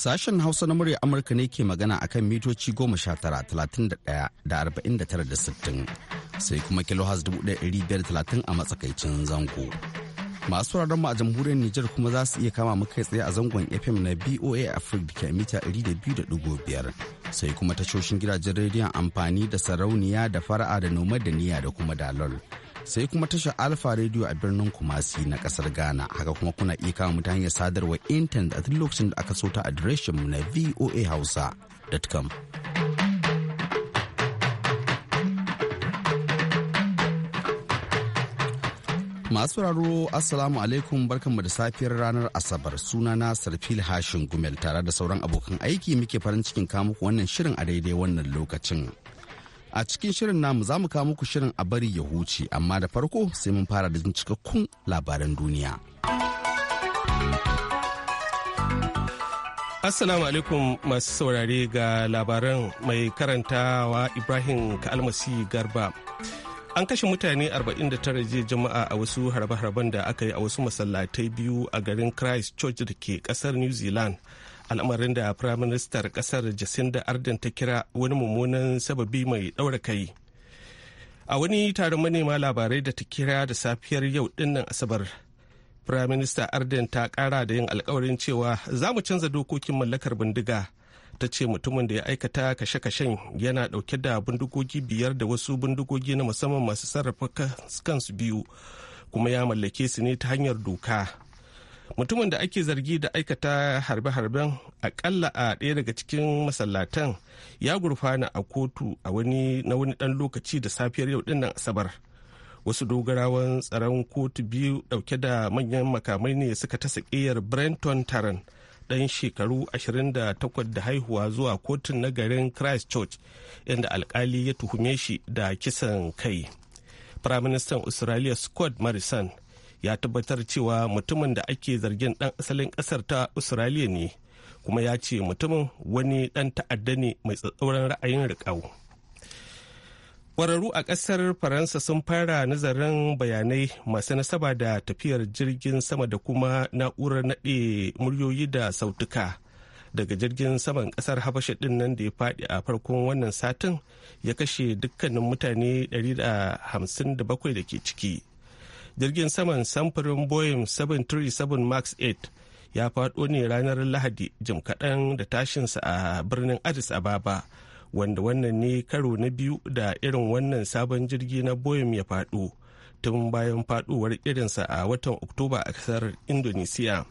Sashen Hausa na murya Amurka ne ke magana akan mitoci goma sha tara talatin da ɗaya da arba'in da tara da sittin sai kuma kilohaz dubu ɗaya a matsakaicin zango. masu mu a jamhuriyar Nijar kuma za su iya kama muka kai tsaye a zangon FM na BOA Africa da ke mita 200.5 sai kuma tashoshin gidajen rediyon amfani da sarauniya da fara'a da noma da niyya da kuma dalol. Sai kuma tashar Alfa rediyo a birnin Kumasi na kasar Ghana haka kuma kuna iya kama mu ta hanyar sadarwa intanet a duk lokacin da aka sota ta adireshin mu na voa voahausa.com. Masu raro Assalamu alaikum barkanmu da safiyar ranar Asabar suna na Sarfil Hashin Gumel tare da sauran abokan aiki muke farin cikin muku wannan shirin a daidai wannan lokacin. A cikin shirin namu za mu kawo muku shirin a bari ya huce amma da farko sai mun fara da jin cikakkun labaran duniya. Assalamu alaikum masu saurare ga labaran mai karantawa Ibrahim Kalmasi Garba. an kashe mutane 49 jiya jama'a a wasu harbe-harben da aka yi a wasu masallatai biyu a garin christchurch da ke kasar new zealand al'amarin da firaministar kasar jacinda ardern ta kira wani mummunan sababi mai ɗaura kai a wani taron manema labarai da ta kira da safiyar yau dinnan asabar firaminista ardern ta kara da yin alkawarin cewa za mu canza dokokin mallakar bindiga ta ce mutumin da ya aikata kashe-kashen yana dauke da bindigogi biyar da wasu bindigogi na musamman masu sarrafa kansu biyu kuma ya mallake su ne ta hanyar doka mutumin da ake zargi da aikata harbe-harben akalla a ɗaya daga cikin masallatan ya gurfana a kotu a wani na wani ɗan lokaci da safiyar yau dinnan asabar wasu dogarawan tsaron kotu biyu ɗauke da manyan makamai ne suka ta sakiyar brenton tarrant ɗan shekaru 28 da haihuwa zuwa kotun na garin christchurch inda alkali ya tuhume shi da kisan kai firaministan australia scott morrison ya tabbatar cewa mutumin da ake zargin ɗan asalin ƙasar ta australia ne kuma ya ce mutumin wani ɗan ta'adda ne mai tsatsauran ra'ayin riƙau kwararru a ƙasar faransa sun fara nazarin bayanai masu nasaba da tafiyar jirgin sama da kuma na'urar naɗe muryoyi da sautuka daga jirgin saman ƙasar habasha ɗin nan da ya faɗi a farkon wannan satin ya kashe dukkanin mutane 157 da ke ciki jirgin saman samfurin boeing 737 max 8 ya faɗo ne ranar lahadi jim kaɗan da tashinsa a birnin addis ababa wanda wannan ne karo na biyu da irin wannan sabon jirgi na boeing ya faɗo tun bayan faduwar irinsa a watan oktoba a kasar indonesiya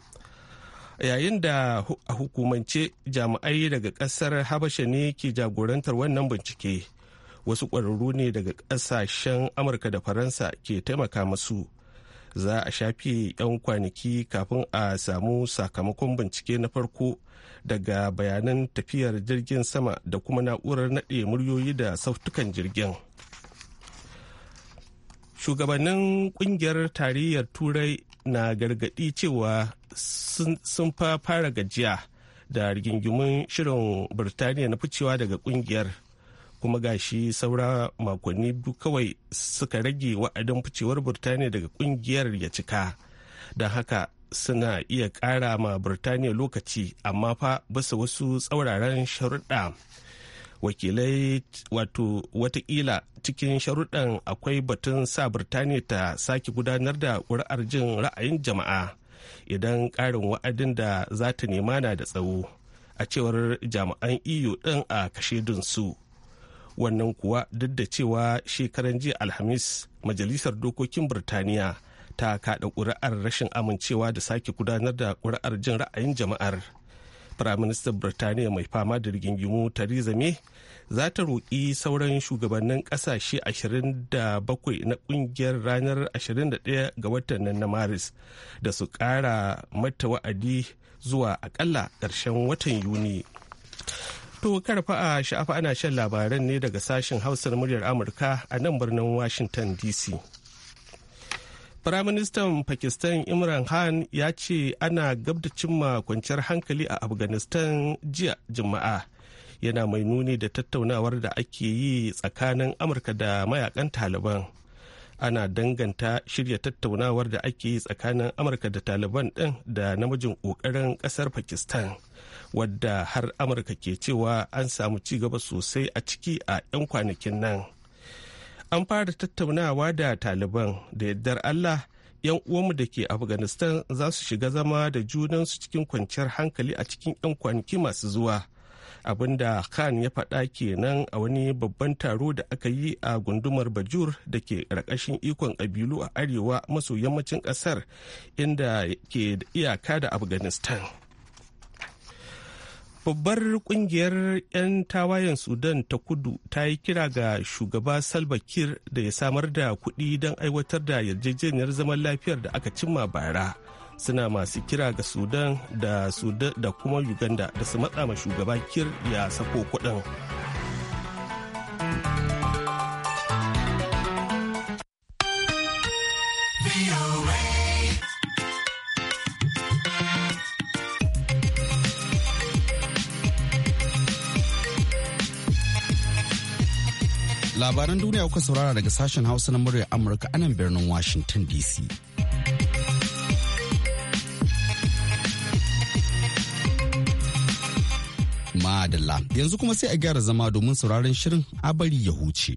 yayin da a hukumance jami'ai daga kasar habasha ne ke jagorantar wannan bincike wasu ƙwararru ne daga ƙasashen amurka da faransa ke taimaka masu za a shafi 'yan kwanaki kafin a samu sakamakon bincike na farko daga bayanan tafiyar jirgin sama da kuma na'urar naɗe muryoyi da sautukan jirgin shugabannin ƙungiyar tarayyar turai na gargaɗi cewa sun fa fara gajiya da rigingimun shirin birtaniya na ficewa daga ƙungiyar. kuma gashi saura makonni biyu kawai suka rage wa'adin ficewar burtaniya daga kungiyar ya cika don haka suna iya ƙara ma Birtaniya lokaci amma fa bisa wasu tsauraran sharuɗa. wakilai wato watakila cikin sharuɗan akwai batun sa birtaniya ta sake gudanar da ƙuri'ar jin ra'ayin jama'a idan ƙarin wa'adin da za ta nema na da tsawo a cewar jami'an eu ɗin a kashe su wannan kuwa duk da cewa shekaran jiya alhamis majalisar dokokin birtaniya ta kada ƙuri'ar rashin amincewa da sake gudanar da ƙuri'ar jin ra'ayin jama'ar firaministan birtaniya mai fama da rigingimu theresa may za ta roƙi sauran shugabannin ƙasashe 27 na ƙungiyar ranar 21 ga watan nan na maris da su ƙara mata wa'adi zuwa aƙalla ƙarshen watan yuni to karfa a sha'afa ana shan labaran ne daga sashen hausar muryar amurka a nan birnin washington dc Firaministan Pakistan Imran Khan ya ce ana gab da cimma kwanciyar hankali a Afghanistan jiya Juma'a. Yana mai nuni da tattaunawar da ake yi tsakanin Amurka da mayakan Taliban. Ana danganta shirya tattaunawar da ake yi tsakanin Amurka da Taliban ɗin da namijin ƙoƙarin ƙasar Pakistan. Wadda har Amurka ke cewa an samu ci gaba sosai a ciki a 'yan kwanakin nan. an fara tattaunawa da taliban da yardar allah yan uwanmu da ke afghanistan za su shiga zama da junansu cikin kwanciyar hankali a cikin 'yan kwanaki masu zuwa da khan ya faɗa kenan a wani babban taro da aka yi a gundumar bajur da ke ƙarƙashin ikon ƙabilu a arewa maso yammacin ƙasar inda ke iyaka da afghanistan babbar kungiyar 'yan tawayen sudan ta kudu ta yi kira ga shugaba salva kiir da ya samar da kuɗi don aiwatar da yarjejeniyar zaman lafiyar da aka cimma bara suna masu kira ga sudan da sudan da kuma uganda da su matsa ma shugaba kir ya sako kuɗin. Labaran duniya kuka saurara daga sashen Hausa na muryar Amurka anan birnin Washington DC. Madalla yanzu kuma sai a gyara zama domin sauraron shirin a ya huce.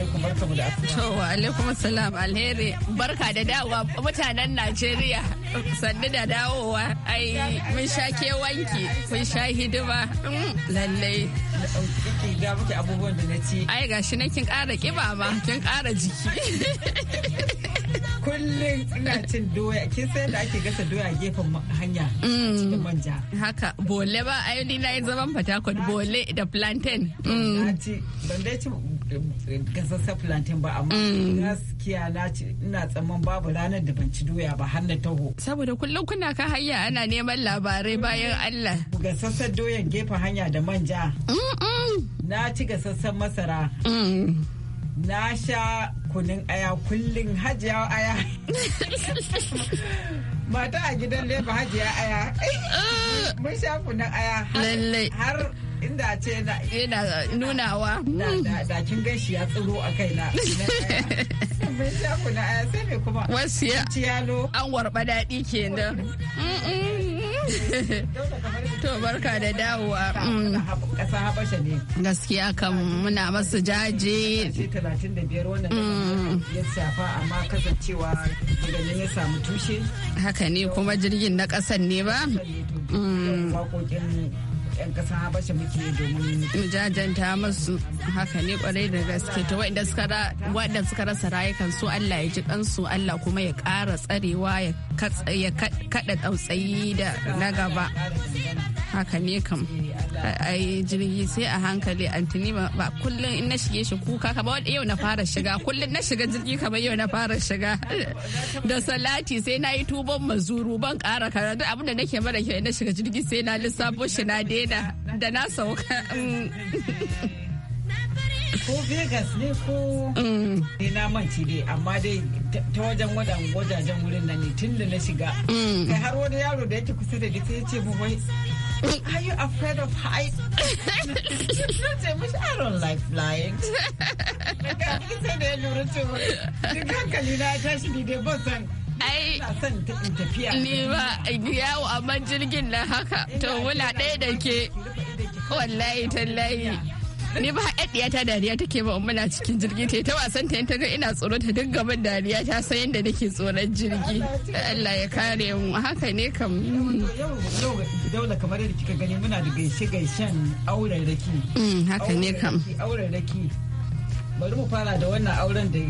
alaikum wa salam alheri barka da dawowa mutanen Najeriya sannu da dawowa ai mun sha kewanki kun sha hidima mm, lallai. Da muke abubuwan da na ci. Ai gashi na kin ƙara ƙiba ma kin ƙara jiki. kullum ina cin doya kin san da ake gasa doya a gefen hanya mm. cikin manja haka bole ba ayo ni na yin zaman fatakot bole da plantain mm. na ci ban dai ci mm, gasassa plantain ba amma gaskiya na ci ina tsamman babu ranar da ban ci doya ba har na taho saboda kullum kuna ka hanya ana neman labarai bayan Allah gasassa doyan gefen hanya da manja na ci gasassan masara na sha kunin aya kullum hajiya aya mata a gidan leba hajiya aya eh. mun sha kunin aya har inda ce na yana eh, nunawa da kin gashi ya tsiro a kaina mun sha kunin aya sai me kuma wasu ya an warba daɗi kenan To barka da dawowa. Mm. Ƙasa Habasha ne. Gaskiya kan muna masu jaje. talatin da biyar wannan mm. shafa amma kasancewa daga ya samu tushe. Haka ne kuma jirgin na ƙasan ne ba? 'yan ƙasa shi muke domin jajanta masu haka ne kwarai da gaske ta waɗanda suka rasa rayukan su Allah ya ji kansu Allah kuma ya ƙara tsarewa ya kaɗa tsautsayi da na gaba haka ne kam ai jirgi sai a hankali antini ba kullum in na shige shi kuka ba yau na fara shiga kullum na shiga jirgi kamar yau na fara shiga da salati sai na yi tuban mazuru ban kara kara abin da nake mara kyau na shiga jirgi sai na lissafo shi na daina da na sauka ko vegas ne ko mm. ne na manci dai amma dai ta wajen wadan wajajen wurin nan ne tun da na shiga mm. kai har wani yaro da yake kusa da ni sai ya ce mu wai Are you afraid of heights? I don't like flying. ya na ni ni yawo amma jirgin nan haka to wula ɗaya da ke wallahi tallahi ni ba haɗaɗɗiya ta dariya take ba muna cikin jirgi ta ta wasan ta ta ga ina tsoro ta duk gaban dariya ta san yadda nake tsoron jirgi Allah ya kare mu haka ne kam yau daula kamar yadda kika gani muna da gaishe gaishen auren raki mm, haka ne kam auren raki bari mu fara da wannan auren da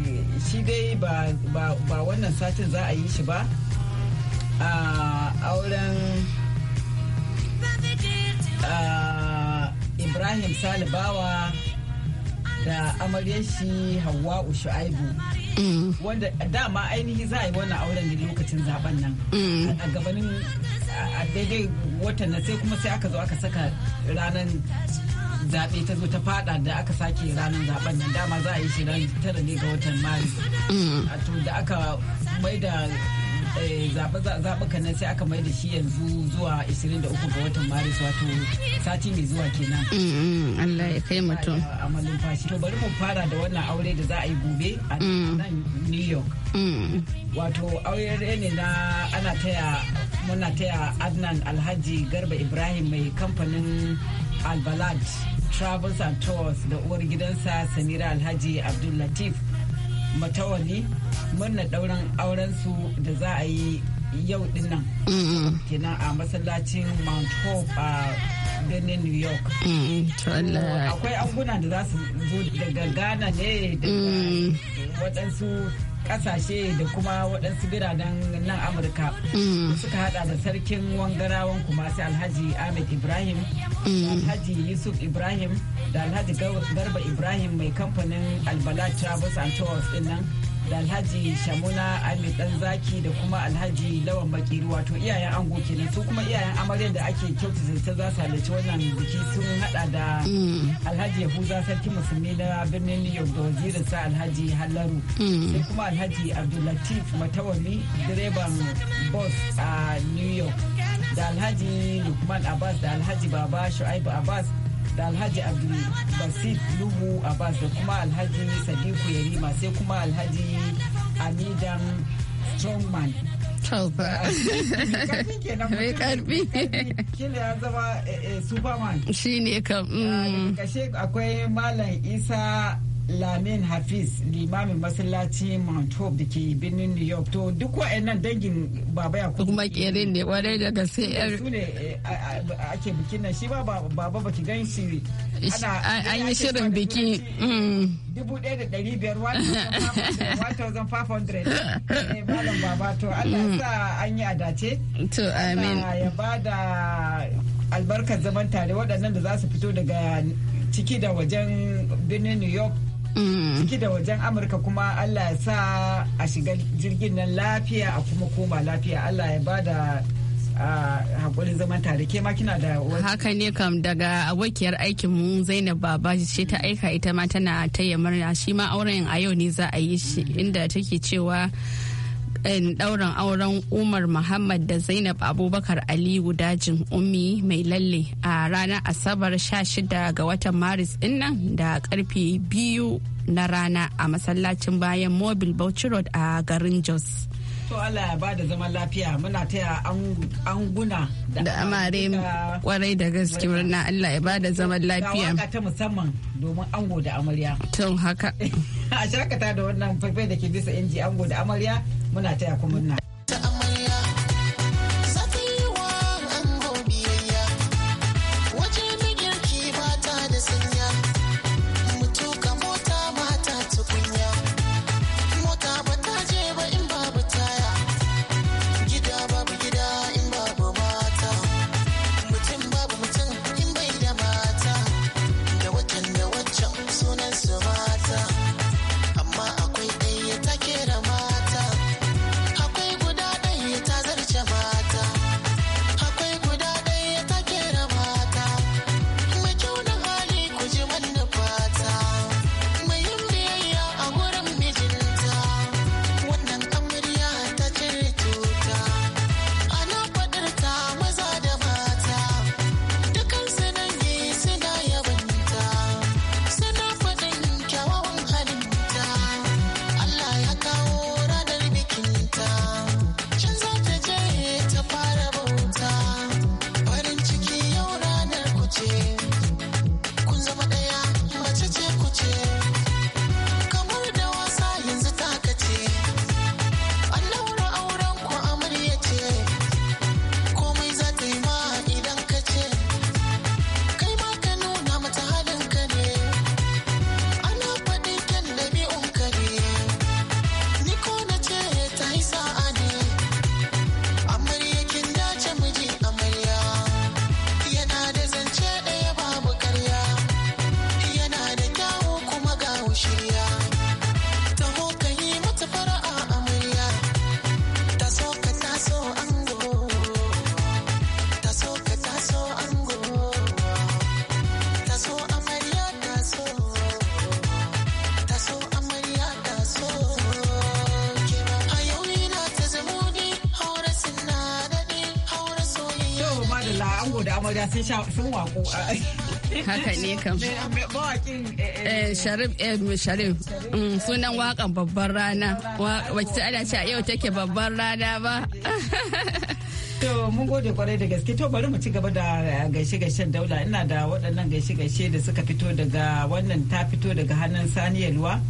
shi dai ba wannan satin za a yi shi ba a ah, auren ah, ibrahim salibawa da amaryar shi hawa'u shu'aibu mm. wanda dama ainihi za a yi wannan auren ne lokacin zaben nan mm. a gabanin a daidai watan nan sai kuma sai aka zo aka saka ranar zaɓe ta zo ta fada da aka sake ranar zaben nan dama za a yi shi ranar tara ne ga watan maris mm. to da aka mai da Eh, zaɓuka nan sai aka mai da shi yanzu zuwa 23 ga watan maris wato sati mai zuwa kenan. Allah ya kai mutum. malin fashi. To bari mu fara da wannan aure da za a yi gobe a mm. New York. Mm. Wato aure ne na ana taya muna taya Adnan Alhaji Garba Ibrahim mai kamfanin Albalad Travels and Tours da uwar gidansa Samira Alhaji Abdul Latif. matawali murna ɗaurin aurensu da za a yi yau dinnan mm-hmm. kenan a masallacin mount hope a birnin new york mm-hmm. akwai anguna da za su zo daga ghana ne daga mm-hmm. waɗansu kasashe da kuma waɗansu biranen nan amurka mm. suka hada da sarkin wangarawan sai alhaji ahmed ibrahim da mm. alhaji yusuf ibrahim da alhaji garba ibrahim mai kamfanin albala travels and tours din nan da alhaji shamuna ahmed dan zaki da kuma alhaji lawan ruwa wato iyayen ango kenan su kuma iyayen amaryar da ake kyautata ta za su halarci wannan biki sun hada da mm. alhaji yahuza sarki musulmi na birnin new york da wazirin sa alhaji halaru. da mm. kuma alhaji abdullatif matawami direban bus a new york da alhaji lukman abbas da alhaji baba shu'aibu abbas da alhaji abdul basit lubu abbas da kuma alhaji sadiku yarima sai kuma alhaji amidan strongman mai karfi shine ya zama eh, eh, superman shine kam mm. akwai malam isa lamin hafiz limamin masallaci mount hope da ke birnin new york to duk wa'annan dangin baba ya kuma kerin ne kwarai da sai yar su ne eh, ake bikin nan shi ba baba ba ki gan shi an yi shirin biki mm. dubu ɗaya da ɗari biyar watan eh, malam baba to allah mm. sa an yi adace to amin ya ba da albarkar zaman tare waɗannan da za su fito daga ciki da wajen birnin new york Mm. ciki da wajen amurka kuma allah ya sa a shiga jirgin nan lafiya a kuma koma lafiya allah ya ba da hakurin zaman tare ke ma kina da haka ne kam daga abokiyar aikin mu zainab babaji ce ta aika ita ma tana taya murna shi ma auren a yau ne za a yi shi inda take cewa ɗaurin auren umar muhammad da zainab abubakar aliyu dajin ummi mai lalle a ranar asabar 16 ga watan maris dinnan da karfe biyu na rana a masallacin bayan mobil bauchi road a garin jos to Allah ya bada zaman lafiya muna taya anguna da amare kwarai da gaske murna Allah ya bada zaman lafiya ga ta musamman domin ango da amarya tun haka a shakata da wannan faifai da ke bisa inji ango da amarya muna taya ku murna sun haka ne kam eh, eh, mm, sunan wakan babban rana wacce ana ce a yau take babban rana ba To mun gode kwarai da gaske to bari mu ci gaba da eh, gaishe-gaishen daula ina da waɗannan gaishe-gaishe da suka fito daga wannan ta fito daga hannun sani yalwa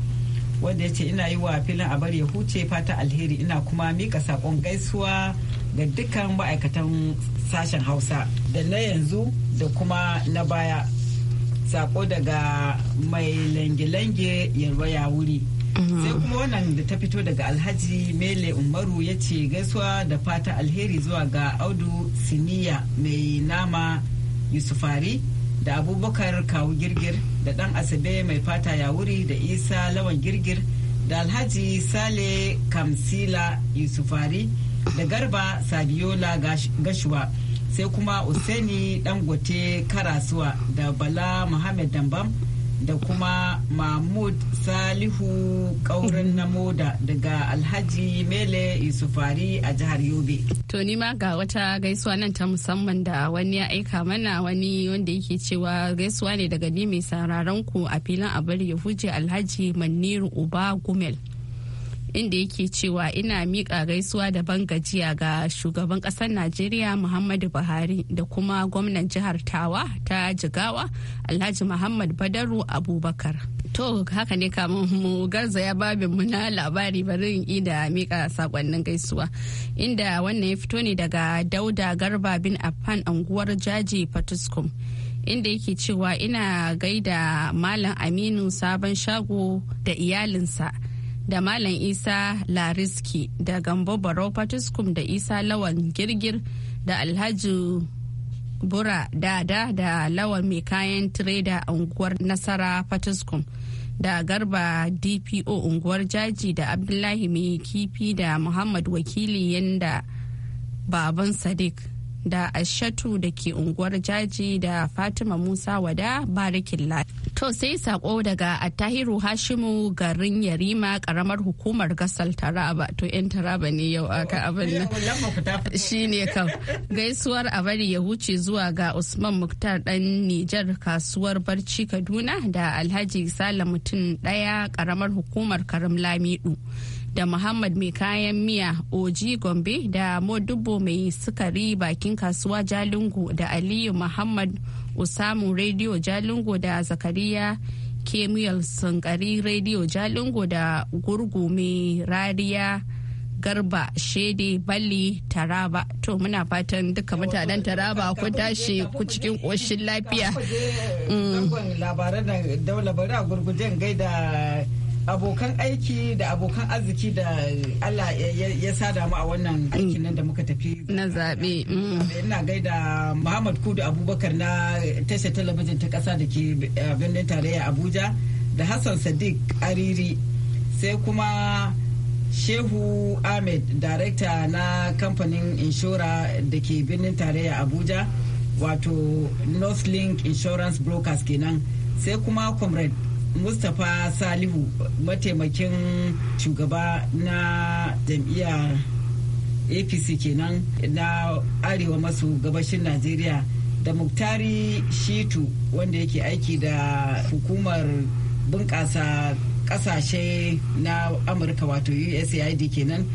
wanda ya ce ina yi wa filin a bari ya huce fata alheri ina kuma mika sakon gaisuwa ga dukkan ma'aikatan sashen hausa da na yanzu da kuma na baya sako daga mai lange-lange yarwa ya wuri mhm. sai kuma wannan da ta fito daga alhaji mele umaru ya ce gaisuwa da fata alheri zuwa ga audu siniya mai nama yusufari da abubakar kawu girgir da dan asabe mai fata ya wuri da isa lawan girgir da alhaji sale kamsila yusufari da garba sabiola gashuwa sai kuma useni dangote karasuwa da bala muhammad dambam da kuma mahmud salihu kaurin namoda daga alhaji mele isufari a jihar yobe to nima ga wata gaisuwa nan ta musamman da wani ya aika mana wani wanda yake cewa gaisuwa ne daga ni mai sararanku a filin abar ya huje alhaji maniru uba gumel inda yake cewa ina miƙa gaisuwa da ban gajiya ga shugaban ƙasar najeriya muhammadu buhari da kuma gwamnan jihar tawa ta jigawa alhaji muhammad badaru abubakar to haka ne kamun mu garzaya babin mu na labari bari in ida mika sakonnin gaisuwa inda wannan ya fito ne daga dauda garba bin affan anguwar jaji patuskum inda yake cewa ina gaida malam aminu sabon shago da iyalinsa da Malam Isa Lariski da Gambo baro Patiskum da Isa Lawan Girgir da Alhaji Bura Dada da Lawan mai kayan tireda a unguwar Nasara Patiskum da Garba DPO unguwar Jaji da Abdullahi mai kifi da Muhammad wakili yanda baban Sadiq. da ashatu da ke unguwar jaji da fatima musa wada barikin la to sai sako daga attahiru hashimu garin yarima karamar hukumar gasar taraba to yan taraba ne yau aka abin nan shi ne kam gaisuwar a bari ya huce zuwa ga usman muktar dan nijar kasuwar barci kaduna da alhaji sala mutum daya karamar hukumar karim lamidu da muhammad mai kayan miya oji gombe da modubo mai sukari bakin kasuwa jalingo da aliyu muhammad usamu rediyo jalingo da zakariya kemiyal sankari rediyo jalingo da gurgu mai rariya garba shede balli taraba to muna fatan duka mutanen taraba ku tashi ku cikin koshin lafiya labaran da abokan aiki da abokan arziki da Allah ya sada mu a wannan aikin nan da muka tafi na zaɓe. Mm. Ina gaida Muhammad Kudu Abubakar na tashar talabijin ta ƙasa da ke eh, birnin tarayya Abuja da Hassan Sadiq Ariri sai kuma Shehu Ahmed, darekta na kamfanin inshora da ke birnin tarayya Abuja wato Northlink Insurance Brokers kenan sai kuma Comrade mustapha salihu mataimakin shugaba na jam'iyyar apc kenan na arewa maso gabashin najeriya da muktari shitu wanda yake aiki da hukumar bunƙasa ƙasashe na amurka wato usaid kenan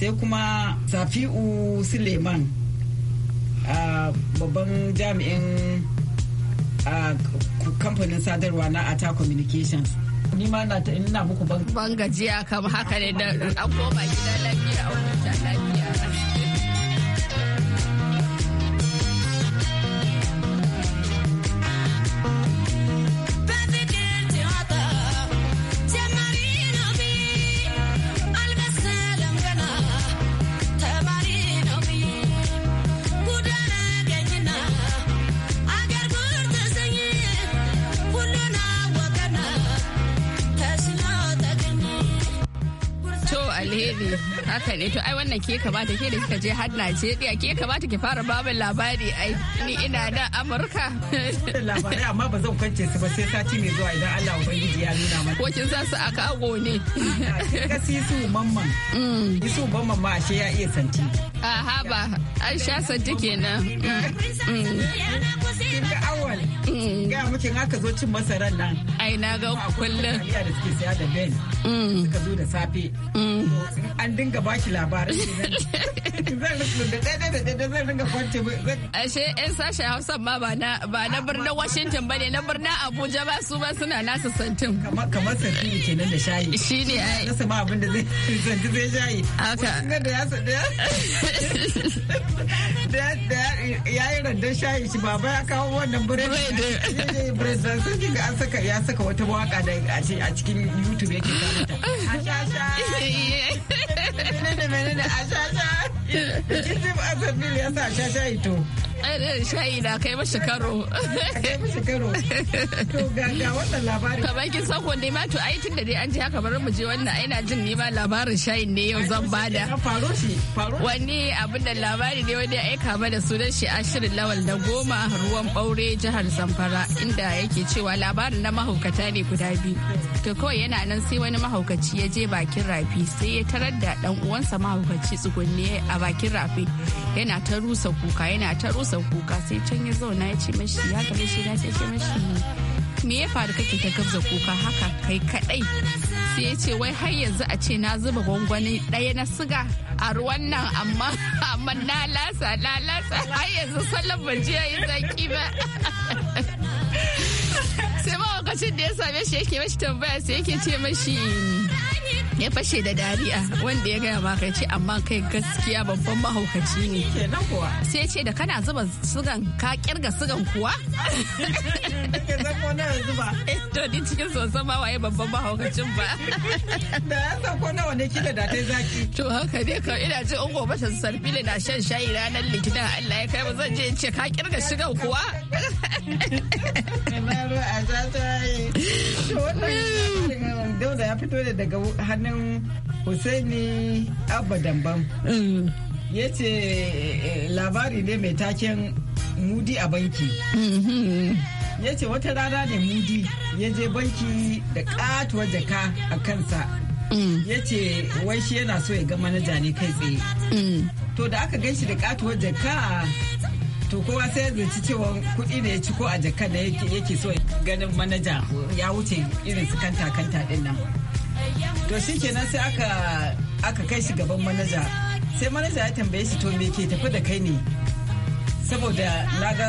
sai kuma safi'u suleiman babban jami'in kamfanin sadarwa na ata communications ni ma ina muku ban gajiya kam haka ne da an koma gidan lafiya a lafiya haka ne to ai wannan ke kamata ke da kika je har Najeriya ke kamata ki fara babin labari ai ni ina da Amurka. Labarai amma ba zan kwance su ba sai sati mai zuwa idan Allah ubangiji ya nuna mana. Ko kin san su a kago ne. Ka si su mamman. Mm. Su mamman ma ashe ya iya santi. Aha ba an sha santi kenan. Kin ga mm. awal. Mm. gaya muke in aka zo cin masarar nan. Ai na ga kullum. Akwai da suke siya da Ben. Mm. Suka zo da safe. Mm. An dinga ba baki labarin. Ashe 'yan sashen Hausa ma ba na birnin Washington ba ne na birnin Abuja ba su ba suna nasa santin. Kamar santin kenan da shayi. Shi ne ai. Nasa ma abinda zai santi zai shayi. Haka. Wanda da ya da ya yi randon shayi shi ba ba ya kawo wannan birnin. Brazil sun kinga an saka ya saka wata waka da a cikin YouTube yake ta. Ashasha. Menene menene ashasha. Kisim Asabil ya sa ashasha ito. da shayi na kai mashi karo. Kai mashi To san ma to ai tunda dai an ji haka bari mu je wannan ai na jin ne ma labarin shayin ne yau zan bada. Wani abin da labari ne wani aika mana sunan shi ashirin lawal da goma ruwan ɓaure jihar Zamfara inda yake cewa labarin na mahaukata ne guda biyu. To kawai yana nan sai wani mahaukaci ya je bakin rafi sai ya tarar da dan uwansa mahaukaci tsugunne a bakin rafi yana ta rusa kuka yana ta rusa sa kuka sai can ya na ya ce mashi ya kalle shi na ce ce mashi me ya faru kake ta gabza kuka haka kai kadai sai ya ce wai har yanzu a ce na zuba gwangwani daya na siga a ruwan nan amma amma na lasa na lasa har yanzu sallan ban je yi zaki ba sai ma lokacin da ya same shi yake mashi tambaya sai yake ce mashi ya fashe da dariya wanda ya gaya maka ce amma kai gaskiya babban mahaukaci ne sai ce da kana zuba sugan ka kirga sugan kuwa to ni cikin sosan ma waye babban mahaukacin ba da ya san ko nawa ne kila da ta zaki to haka ne ka ina ji in gobe ta sarfile na shan shayi ranar litinin Allah ya kai mu zan je in ce ka kirga sugan kuwa ya fito da daga hannun Hussaini Abba Dambam. Mm. Ya ce eh, eh, labari ne mai taken mudi a banki. Mm-hmm. Ya ce wata rana ne mudi ya je banki da katuwar jaka a kansa. Mm. Ya ce wai shi yana so ya ga manaja ne kai tsaye. Mm. To da aka gan shi da katuwar jaka to kowa sai ya ci cewa kuɗi ne ya ciko a jaka da yake so ganin manaja ya wuce irin su kanta kanta din nan. to shi kenan sai aka kai shi gaban manaja sai manaja ya tambaye shi to me ke tafi da kai ne saboda na ga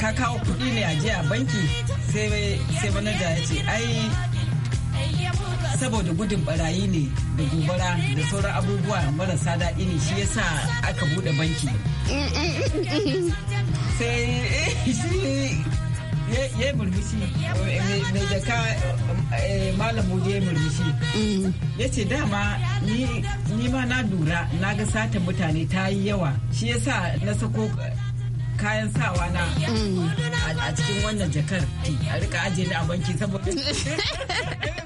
ka kawo kuɗi ne a je a banki sai manaja ya ce ai saboda gudun barayi ne da gobara da sauran abubuwa marasa daɗi ne shi yasa aka buɗe banki sai Eh, eh, ya murmushi mai jaka malam hudu ya murmushi ya ce dama ni ma na lura na ga satan mutane ta yi yawa shi yasa na sako kayan sawa na mm. a cikin wannan jakar a rika ajiye ni a banki saboda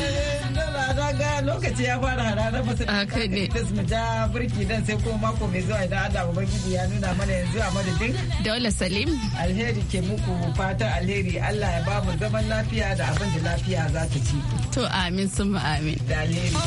na lokaci ya fara harara ba su da mu ja burki dan sai kuma mako mai zuwa idan Allah Ubangiji ya nuna mana yanzu a madadin. Daula Salim. Alheri ke muku fatan alheri Allah ya ba mu zaman lafiya da abin da lafiya za ta ci. To amin sun amin. Da alheri.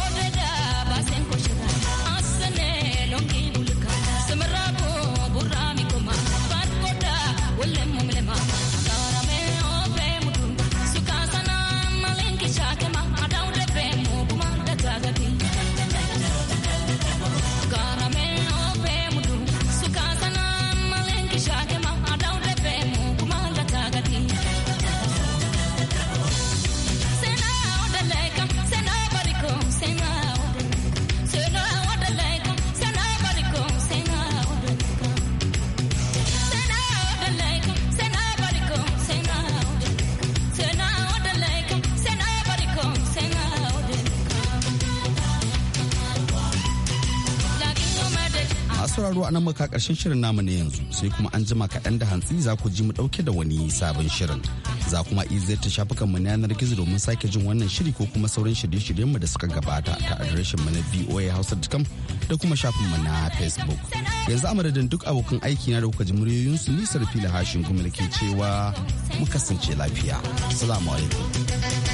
a nan muka karshen shirin namu ne yanzu sai kuma an jima kaɗan da hantsi za ku ji mu ɗauke da wani sabon shirin. Za kuma ta shafukan mu na yanar gizo domin sake jin wannan shiri ko kuma sauran shirye-shiryen mu da suka gabata ta adireshin mu na voahausa.com da kuma shafin mu na Facebook. Yanzu a madadin duk abokan aiki na da kuka ji muryoyin su nisar fila hashin kuma da ke cewa mu kasance lafiya. Salamu alaikum.